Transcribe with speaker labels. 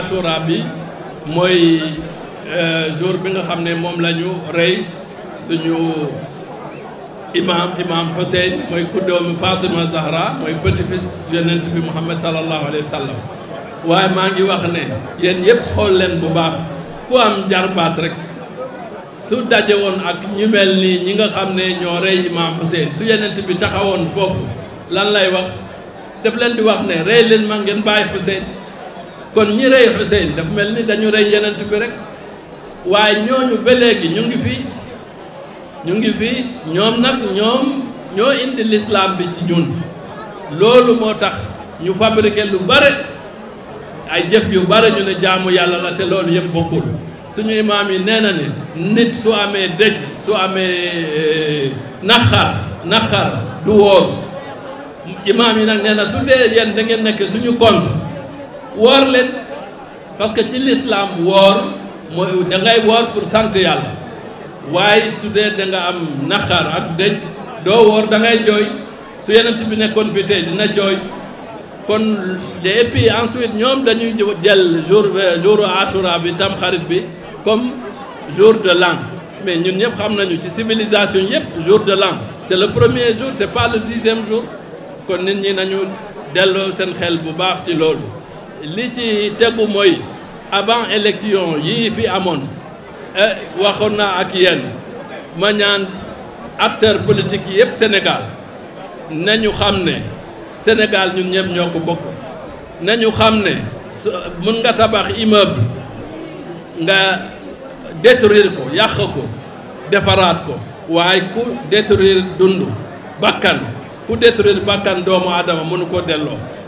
Speaker 1: asura bi mooy euh, jour bi nga xam ne moom la ñu rey suñu imam imam Hussein mooy kuddoomi Fatima Zahra mooy petit-fils yonent bi Muhammad sallallahu alayhi wa sallam waaye maa ngi wax ne yéen yëpp xool leen bu baax ku am jarbaat rek su dajee woon ak ñu mel nii ñi nga xam ne ñoo rey imam Hussein su yonent bi taxawoon foofu lan lay wax def leen di wax ne rey leen ma ngeen bàyyi Hussein kon ñi rey Xuseyn dafa mel ni dañu rey yenent bi rek waaye ñooñu ba léegi ñu ngi fi ñu ngi fi ñoom nag ñoom ñoo indi lislaam bi ci ñun loolu moo tax ñu fabriqué lu bare ay jëf yu bare ñu ne jaamu yàlla la te loolu yëpp bokkul suñu imaam yi nee na ni nit su amee dëj su amee eh, naxar naxar du wóor imaam yi nag nee na su dee yéen da ngeen nekk suñu compte woor parce que ci l'islam war moy da ngay woor pour sant yalla way su dee da nga am nakhar ak dëj do woor da ngay joy su yenent bi nekkoon fi tey dina joy kon et puis ensuite ñom dañuy jël jour jour ashura bi tam xarit bi comme jour de l'an mais ñun ñep xam nañu ci civilisation yëpp jour de l'an c'est le premier jour c'est pas le dixième jour kon nit ñi nañu delloo sen xel bu baax ci loolu li ci tegu mooy avant élection yii fi amoon eh, waxoon naa ak yenn ma ñaan acteur politique yëpp Sénégal nañu xam ne Sénégal ñu ñëpp ñoo ko bokk nañu xam ne mën nga tabax bi nga détruire ko yàq ko defaraat ko waaye ku détruire dund bakkan ku détruire bakkan doomu aadama mënu ko delloo